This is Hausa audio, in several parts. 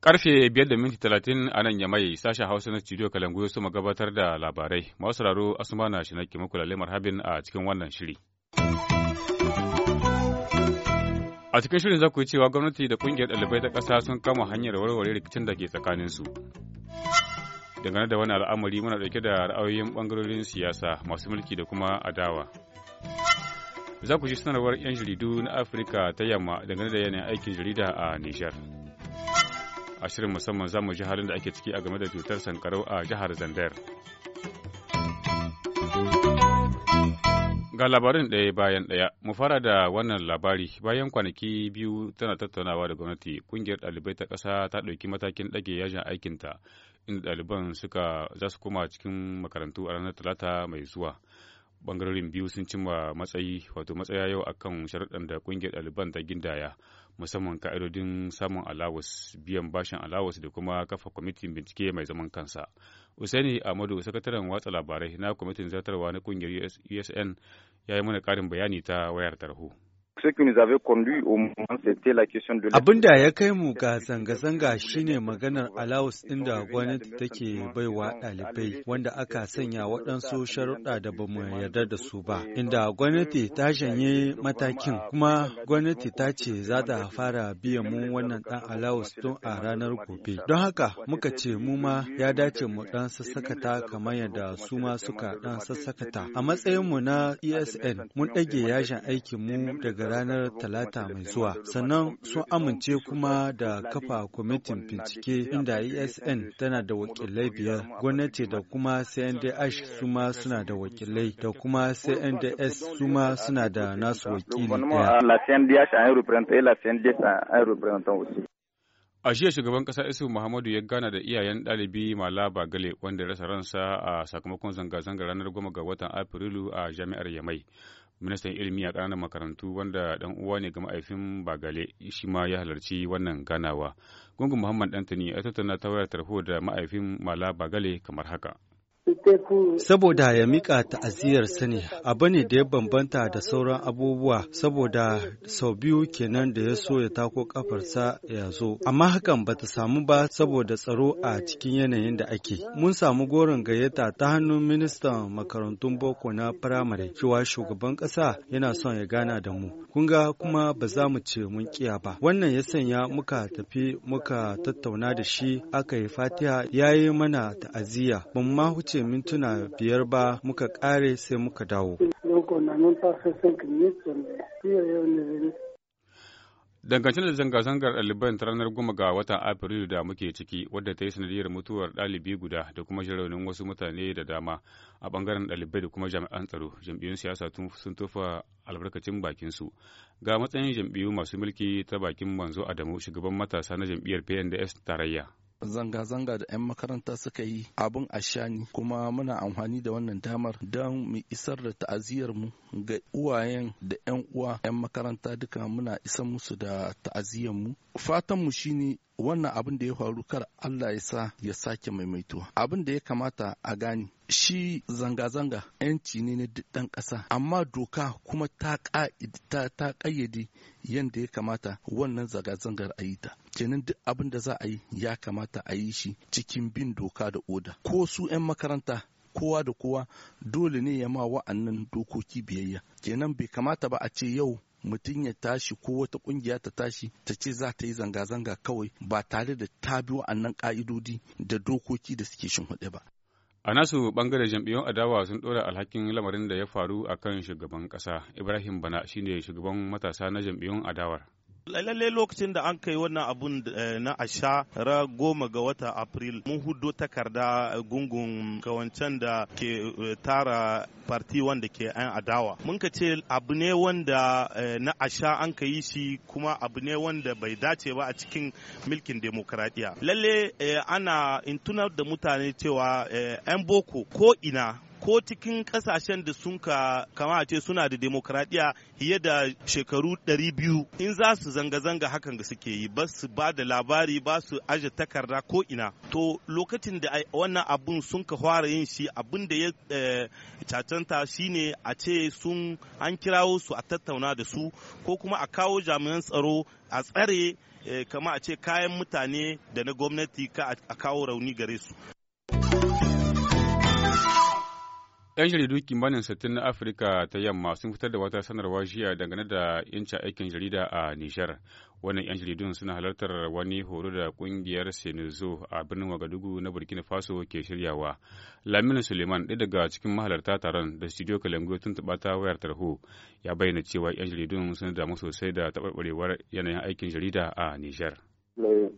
Karfe biyar da minti talatin a nan Yamai sashen Hausa na studio Kalangu su gabatar da labarai. Masu raro Asumana Shinaki muku lalle marhabin a cikin wannan shiri. A cikin shirin za ku yi cewa gwamnati da kungiyar ɗalibai ta ƙasa sun kama hanyar warware rikicin da ke tsakaninsu. dangane da wani al'amari muna dauke da ra'ayoyin bangarorin siyasa masu mulki da kuma adawa za ku ji sanarwar 'yan jaridu na afirka ta yamma dangane da yanayin aikin jarida a nijar a shirin musamman za mu ji halin da ake ciki a game da cutar sankarau a jihar zandar ga labarin ɗaya bayan ɗaya mu fara da wannan labari bayan kwanaki biyu tana tattaunawa da gwamnati kungiyar ɗalibai ta ƙasa ta ɗauki matakin ɗage yajin aikinta inda ɗaliban suka za su koma cikin makarantu a ranar talata mai zuwa bangarorin biyu sun cimma matsayi wato matsaya yau akan sharaɗan da ƙungiyar ɗaliban ta gindaya musamman ka'idodin samun alawus biyan bashin alawus da kuma kafa kwamitin bincike mai zaman kansa usaini amadu sakataren watsa labarai na kwamitin zartarwa na ƙungiyar usn ya yi mana ƙarin bayani ta wayar tarho. Abin da ya kai mu ga zanga-zanga shine maganar allowance ɗin da gwamnati take baiwa ɗalibai wanda aka sanya waɗansu sharuɗa da ba mu yarda da su ba, inda euh, gwamnati ta shanye matakin kuma gwamnati ta ce za ta fara biyan mu wannan ɗan allowance tun a ranar gobe. Don haka muka ce mu ma ya dace mu ɗan sassakata kamar yadda su ma suka ɗan sassakata. A matsayinmu na ESN e mun ɗage yashin aikin mu daga ranar talata mai zuwa sannan sun amince kuma da kafa kwamitin bincike inda esn tana da wakilai biyar gwamnati da kuma cndh suma suna da wakilai da kuma cnds suma suna da nasu wakili A jiya shugaban kasa Isu Muhammadu ya gana da iyayen ɗalibi Malaba Gale wanda rasa ransa a sakamakon zanga-zangar ranar goma ga watan Afrilu a jami'ar Yamai. ministan ilimi a ƙananan makarantu wanda ɗan uwa ne ga ma'aifin bagale shi ma ya halarci wannan ganawa gungun muhammad dantani ya tattauna ta wayar tarho da ma'aifin mala bagale kamar haka Saboda ya mika ta'aziyar sani abu ne da ya bambanta da sauran abubuwa saboda sau biyu kenan da ya so ya tako kafarsa ya zo. Amma hakan bata samu ba saboda tsaro a cikin yanayin da ake. Mun samu goron gayyata ta hannun ministan makarantun boko na firamare cewa shugaban ƙasa yana son ya gana da mu. kunga kuma ba za mu ce mun kiya ba. Wannan ya sanya muka tafi muka tattauna da shi aka yi fatiha ya yi mana ta'aziyya. Ban ma huce wuce mintuna biyar ba muka ƙare sai muka dawo. Dangance da zanga-zangar ɗaliban ta ranar goma ga watan Afrilu da muke ciki wadda ta yi sanadiyar mutuwar ɗalibi guda da kuma raunin wasu mutane da dama a ɓangaren ɗalibai da kuma jami'an tsaro jam'iyyun siyasa sun tofa albarkacin bakinsu. Ga matsayin jam'iyyu masu mulki ta bakin manzo Adamu shugaban matasa na jam'iyyar PNDS tarayya. zanga-zanga da 'yan makaranta suka yi abin a shani kuma muna amfani da wannan damar don mu isar da ta'aziyar mu ga uwayen da 'yan uwa 'yan makaranta duka muna isa musu da ta'aziyar mu fatan mu shine wannan abin da ya faru kar Allah ya sa ya sake maimaituwa abin da ya kamata a gani shi zanga-zanga 'yanci ne na ɗan ƙasa amma doka kuma ta ƙayyade yadda ya kamata wannan zanga-zangar a yi ta kenan duk abin da za a yi ya kamata a yi shi cikin bin doka da oda ko su 'yan makaranta kowa da kowa dole ne ya ma wa'annan dokoki biyayya kenan bai kamata ba a ce yau mutum ya tashi ko wata kungiya ta tashi ta ce za ta yi zanga-zanga kawai ba tare da ta bi wa'annan ka'idodi da dokoki da suke shimfiɗe ba. A nasu bangare jam'iyyun adawa sun ɗora alhakin lamarin da ya faru a kan shugaban ƙasa Ibrahim Bana shine shugaban matasa na jam'iyyun adawar. lalle lokacin da an kai wannan abun eh, na asha ra goma ga wata april mun hudo takarda gungun kawancan da ke eh, tara parti wanda ke an adawa mun ka ce abu ne wanda eh, na asha an ka yi shi kuma abu ne wanda bai dace ba a cikin milkin demokradiya lalle ana in da mutane cewa yan boko ko ina ko cikin kasashen da sun ka kama ce suna da demokradiyya fiye da shekaru 200 in za su zanga-zanga hakan da suke yi ba su ba da labari ba su aje takarda ko ina to lokacin da wannan abun sun ka fara yin shi abun da ya eh, cacanta shine a ce sun an kirawo su a tattauna da su ko kuma a kawo jami'an tsaro a tsare eh, kama a ce kayan mutane da na gwamnati ka a kawo rauni gare su 'Yan jaridu kimanin sittin na Afirka ta yamma sun fitar da wata sanarwa jiya dangane da yancin aikin jarida a Nijar. Wannan 'yan jaridun suna halartar wani horo da kungiyar Senezo a birnin Wagadugu na Burkina Faso ke shiryawa. lamina Suleiman ɗaya daga cikin mahalarta taron da studio kalangu tun taɓa ta wayar tarho ya bayyana cewa 'yan jaridun sun damu sosai da taɓarɓarewar yanayin aikin jarida a Nijar. Euh,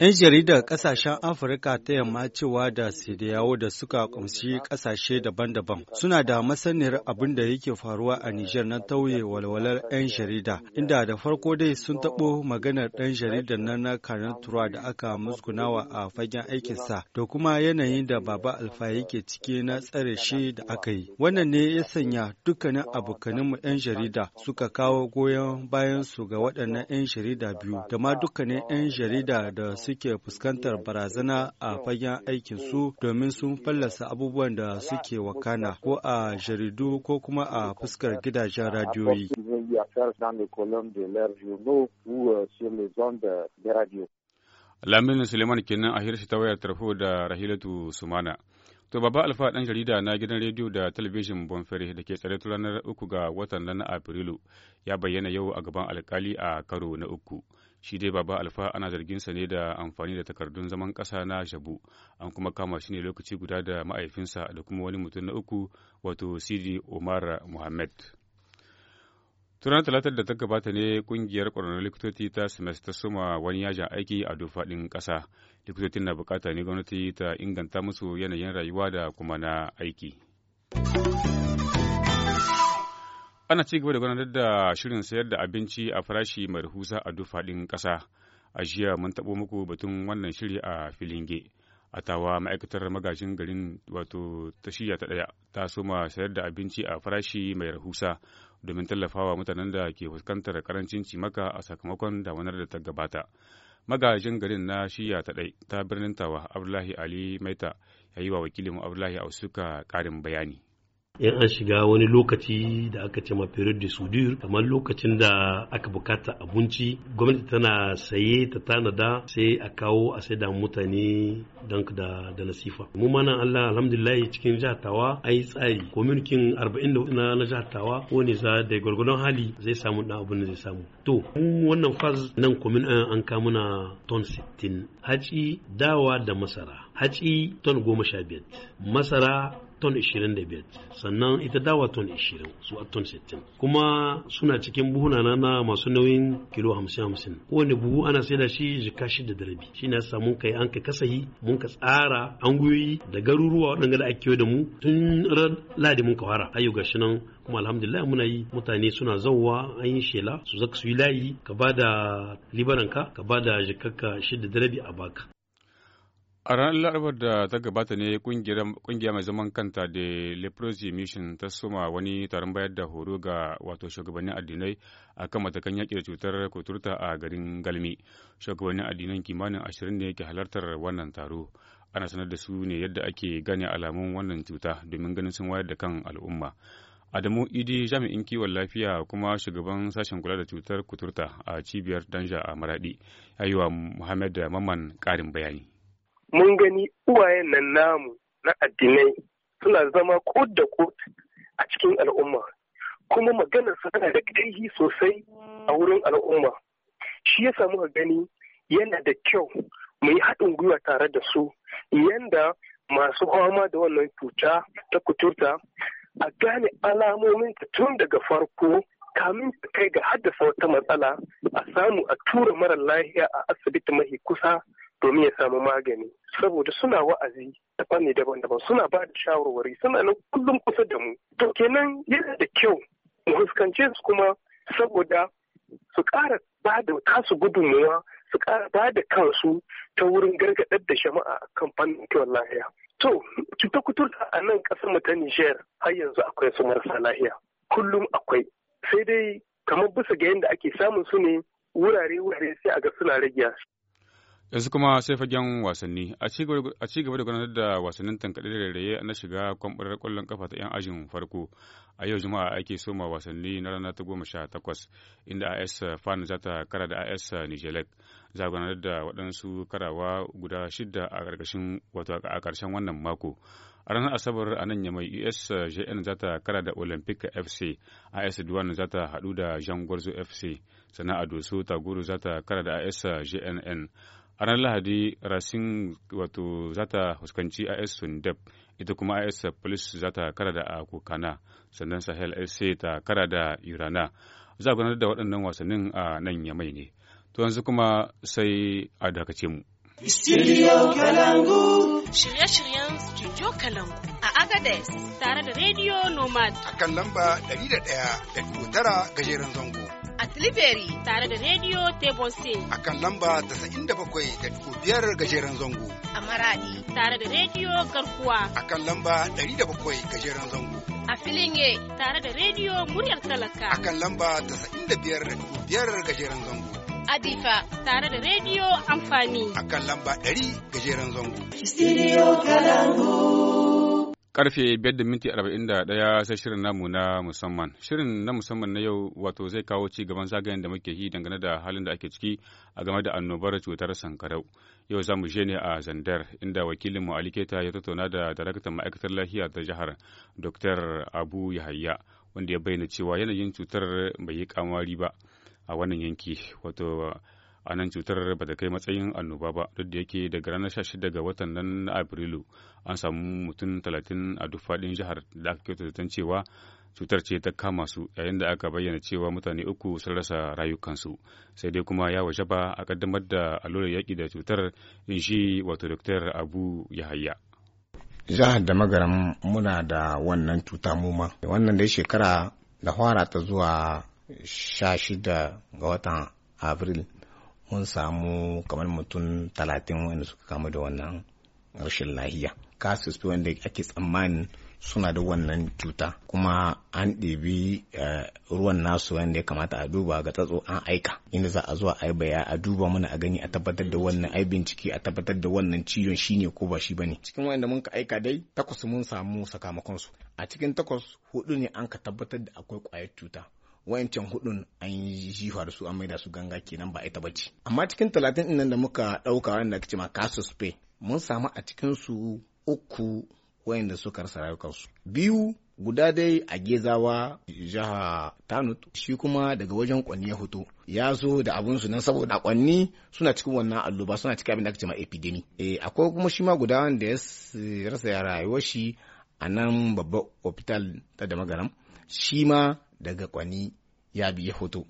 'Yan jaridar ƙasashen Afirka ta yamma cewa da Sidiyawo da suka ƙunshi ƙasashe daban-daban suna da masaniyar abin da yake faruwa a Nijar na tauye walwalar 'yan jarida, inda da farko dai sun taɓo maganar ɗan jaridar nan na Karen da aka musgunawa a fagen aikinsa da kuma yanayin da Baba Alfa yake ciki na tsare shi da aka yi. Wannan ne ya sanya dukkanin mu 'yan jarida suka kawo goyon bayan su ga waɗannan 'yan jarida biyu da ma dukkanin 'yan jarida da suke fuskantar barazana a fagen aikin su domin sun fallasa abubuwan da suke wakana ko a jaridu ko kuma a fuskar gidajen radiyoyi. Lamini Suleiman kenan a hirsi ta wayar tarho da Rahilatu Sumana. To baba alfa ɗan jarida na gidan rediyo da talabijin Bonfere da ke tsare turanar ranar uku ga watan nan na Afrilu ya bayyana yau a gaban alkali a karo na uku. Shi dai baba alfa ana zargin sa ne da amfani da takardun zaman ƙasa na Shabu, an kuma kama shi ne lokaci guda da ma'aifinsa da kuma wani mutum na uku wato Sidi Omar Mohammed. Turan talatar da ta gabata ne kungiyar ƙwararrun likitoci ta semester suma wani yajin aiki a dofaɗin ƙasa. likitocin na bukata ne gwamnati ta inganta musu yanayin rayuwa da kuma na aiki. Ana ci gaba da gudanar da shirin sayar da abinci a farashi mai rahusa a duk faɗin ƙasa. A jiya mun taɓo muku batun wannan shiri a Filinge. A tawa ma'aikatar magajin garin wato ta shirya ta ɗaya ta soma sayar da abinci a farashi mai rahusa domin tallafawa mutanen da ke fuskantar karancin cimaka a sakamakon damanar da ta gabata. magajin garin na shiya ta ɗai ta birnin tawa abdullahi ali maita ya yi wa wakilin abdullahi ausuka ƙarin bayani in an shiga wani lokaci da aka ce ma period de soudure kamar lokacin da aka bukata abinci gwamnati tana saye ta tanada sai a kawo a sai da mutane don da da nasifa mu mana Allah alhamdulillah cikin jihatawa a ai tsari communikin 44 na na jihar Tawa wani za da gwargwadon hali zai samu dan abin da zai samu to mu wannan faz nan komin eh, an na ton 60 haci dawa da masara haci ton 15 masara ton 25 sannan ita dawa ton 20 su a ton 60 kuma suna cikin buhuna na masu nauyin kilo 50-50 kowane buhu ana sai da shi jika shi da rabi shi na samun kai an ka kasahi mun ka tsara anguyoyi da garuruwa waɗanda da ake da mu tun ran ladi mun ka fara gashi nan kuma alhamdulillah muna yi mutane suna zauwa an yi shela su zaka su yi layi ka ba da libaranka ka ba da jikakka shi da darabi a baka A ranar Larabar da ta gabata ne kungiya mai zaman kanta da Leprosy Mission ta soma wani taron bayar da horo ga wato shugabannin addinai a kan matakan yaƙi da cutar kuturta a garin Galmi. Shugabannin addinan kimanin ashirin ne ke halartar wannan taro. Ana sanar da su ne yadda ake gane alamun wannan cuta domin ganin sun wayar da kan al'umma. Adamu Idi jami'in kiwon lafiya kuma shugaban sashen kula da cutar kuturta a cibiyar Danja a Maradi. ayuwa muhammad da Muhammad Maman ƙarin bayani. mun gani uwayen nan namu na addinai suna zama ko da ko a cikin al'umma kuma maganar su tana da ƙarfi sosai a wurin al'umma shi ya samu gani yana da kyau mu yi haɗin gwiwa tare da su yanda masu fama da wannan cuta ta kuturta a gane alamomin ta tun daga farko kamin ta kai ga haddasa wata matsala a samu a tura mara lahiya a asibiti mafi kusa domin ya samu magani saboda suna wa'azi da fanni daban-daban suna ba da shawarwari suna nan kullum kusa da mu to kenan yana da kyau mu fuskance su kuma saboda su ƙara ba da kasu gudunmuwa su ƙara ba da kansu ta wurin gargaɗar da a kan fannin kiwon lafiya to cuta kuturta a nan ƙasar mu ta Nijar har yanzu akwai su marasa lafiya kullum akwai sai dai kamar bisa ga yadda ake samun su ne wurare-wurare sai a ga suna rage yanzu kuma sai fagen wasanni a ci gaba da gudanar da wasannin tankaɗe da rairaye na shiga kwambarar ƙwallon kafa ta 'yan ajin farko a yau juma'a ake soma wasanni na rana ta goma sha takwas inda as fan za ta kara da as nijelek za a gudanar da waɗansu karawa guda shida a ƙarƙashin wato a ƙarshen wannan mako a ranar asabar a nan yamai usjn za ta kara da olympic fc as duwan za ta haɗu da gwarzo fc sana'a a doso tagoro za ta kara da as jnn a ranar lahadi rasin wato za ta fuskanci is sundep ita kuma is police za ta kara da kokana, sannan sahel sc ta kara da irana za a gudanar da waɗannan wasannin a nan yamai ne to yanzu kuma sai a dakace mu Kalangu. Shirye-shiryen Studio Kalangu. A Agadez tare da Radio Nomad. A kan lamba 101.9 gajeren zango. a Tilibiri tare da Radio Tebose. A kan lamba da bakwai biyar gajeren zango. A Maradi tare da Radio Garkuwa. A kan lamba da bakwai gajeren zango. A Filinge tare da Radio Muryar Talaka. A kan lamba da biyar gajeren zango. A difa. tare da Radio Amfani. A kan lamba 100 gajeren zango. Studio Kalangu. Karfe biyar da minti arba'in da ɗaya sai shirin namu na musamman. Shirin na musamman na yau wato zai kawo ci gaban zagayen da muke yi dangane da halin da ake ciki a game da annobar cutar sankarau. Yau za mu je ne a Zandar inda wakilinmu Ali Keta ya tattauna da daraktan ma'aikatar lafiya ta jihar Dr. Abu Yahaya wanda ya bayyana cewa yanayin cutar bai yi kamari ba a wannan yanki wato a nan cutar ba ta kai matsayin annoba ba duk da yake daga ranar 16 ga watan nan na afrilu an samu mutum talatin a duk faɗin jihar da aka kyautata cewa cutar ce ta kama su yayin da aka bayyana cewa mutane uku sun rasa rayukansu sai dai kuma ya waje ba a kaddamar da allurar yaƙi da cutar in shi wato dr abu yahaya jihar da magaram muna da wannan cuta muma wannan dai shekara da fara ta zuwa shida ga watan abril mun samu kamar mutum talatin wanda suka kamu da wannan rashin lahiya kasus wanda ake tsammanin suna da wannan cuta kuma an ɗebi eh, ruwan nasu wanda ya kamata a duba ga tsatso an aika inda za a zuwa a baya a duba mana a gani a tabbatar da wannan ai bincike a tabbatar da wannan ciwon shine ko ba shi bane cikin wanda mun ka aika dai takwas mun samu sakamakon su a cikin takwas hudu ne an ka tabbatar da akwai kwayar cuta wayancan hudun an yi da su an maida su ganga kenan ba ita bace amma cikin talatin din nan da muka dauka wanda kace ma casus pay mun samu a cikin su uku wayanda suka rasa rayukansu biyu guda dai a gezawa jiha tanut shi kuma daga wajen kwanni ya hoto ya zo da abun su nan saboda kwanni suna cikin wannan alluba suna cikin abin da kace ma epidemi eh akwai kuma shi ma guda wanda ya rasa rayuwar shi a nan babban hospital ta da magaram shi ma daga kwani ya biye hoto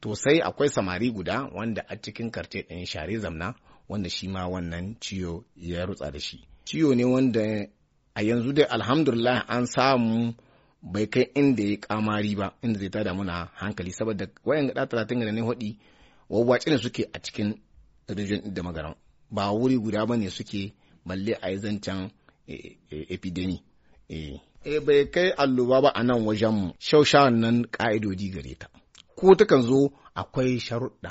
to sai akwai samari guda wanda a cikin karce ɗin share zamna wanda shi ma wannan ciyo ya rutsa da shi ciyo ne wanda a yanzu dai alhamdulillah an samu bai kai inda ya kamari ba inda zai tada muna hankali saboda wayan gada talatin gada ne hudi wawwace ne suke a cikin rijin da magaran ba wuri guda ba ne suke balle a yi zancen eh, eh, epidemi eh, eh bai kai alluba ba a nan wajen mu shaushawan nan ka'idodi gare ta ko takan zo akwai sharuɗa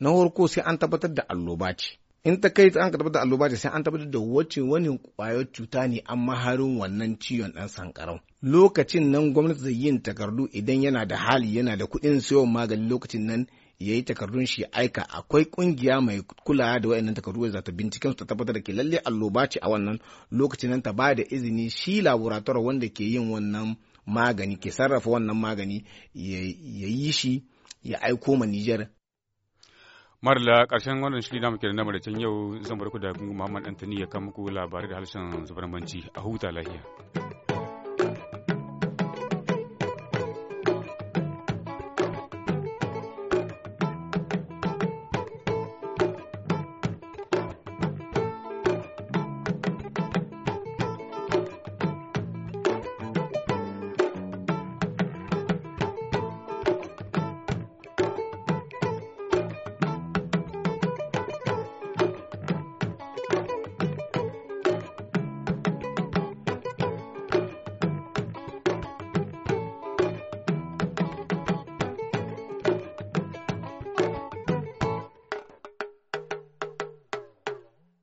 na farko sai an tabbatar da alluba ce in ta kai an tabbatar da alluba ce sai an tabbatar da wacce wani kwayar cuta ne an maharin wannan ciwon ɗan sankarau lokacin nan gwamnati zai yin takardu idan yana da hali yana da kuɗin siyo magani lokacin nan ya yi takardun shi aika akwai kungiya mai kula da wayannan takardu za ta binciken su ta tabbatar da ke lalle alloba ce a wannan lokacin nan ta ba da izini shi laboratory wanda ke yin wannan magani ke sarrafa wannan magani ya yi shi ya aiko ma Nijar. Marla ƙarshen wannan shiri namu kenan namu da can yau zan bar ku da Muhammad Antani ya kama muku labarai da harshen zubarmanci a huta lahiya.